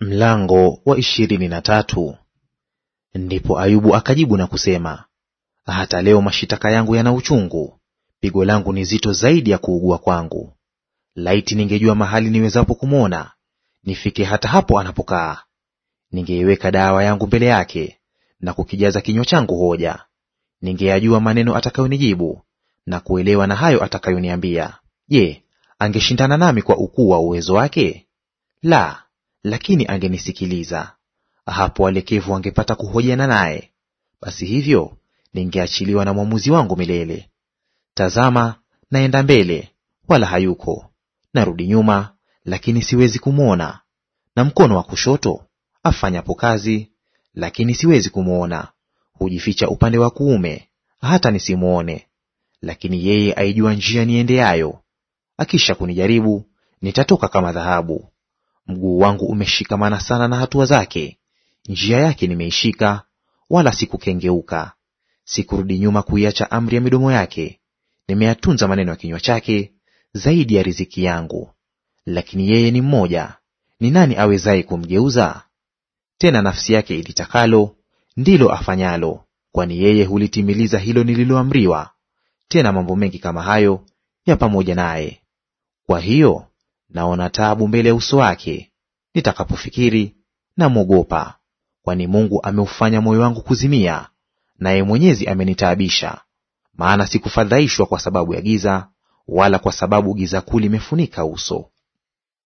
Mlango wa ishirini na tatu. Ndipo Ayubu akajibu na kusema, hata leo mashitaka yangu yana uchungu, pigo langu ni zito zaidi ya kuugua kwangu. Laiti ningejua mahali niwezapo kumwona, nifike hata hapo anapokaa, ningeiweka dawa yangu mbele yake na kukijaza kinywa changu hoja. Ningeyajua maneno atakayonijibu na kuelewa na hayo atakayoniambia. Je, angeshindana nami kwa ukuu wa uwezo wake? La, lakini angenisikiliza, hapo walekevu wangepata kuhojiana naye; basi hivyo ningeachiliwa na mwamuzi wangu milele. Tazama, naenda mbele, wala hayuko; narudi nyuma, lakini siwezi kumwona; na mkono wa kushoto afanyapo kazi, lakini siwezi kumwona; hujificha upande wa kuume, hata nisimwone. Lakini yeye aijua njia niendeayo; akisha kunijaribu nitatoka kama dhahabu. Mguu wangu umeshikamana sana na hatua zake, njia yake nimeishika, wala sikukengeuka. Sikurudi nyuma kuiacha amri ya midomo yake, nimeyatunza maneno ya kinywa chake zaidi ya riziki yangu. Lakini yeye ni mmoja, ni nani awezaye kumgeuza? Tena nafsi yake ilitakalo ndilo afanyalo, kwani yeye hulitimiliza hilo nililoamriwa. Tena mambo mengi kama hayo ya pamoja naye. Kwa hiyo naona taabu mbele ya uso wake; nitakapofikiri namwogopa. Kwani Mungu ameufanya moyo wangu kuzimia, naye Mwenyezi amenitaabisha. Maana sikufadhaishwa kwa sababu ya giza, wala kwa sababu giza kuu limefunika uso.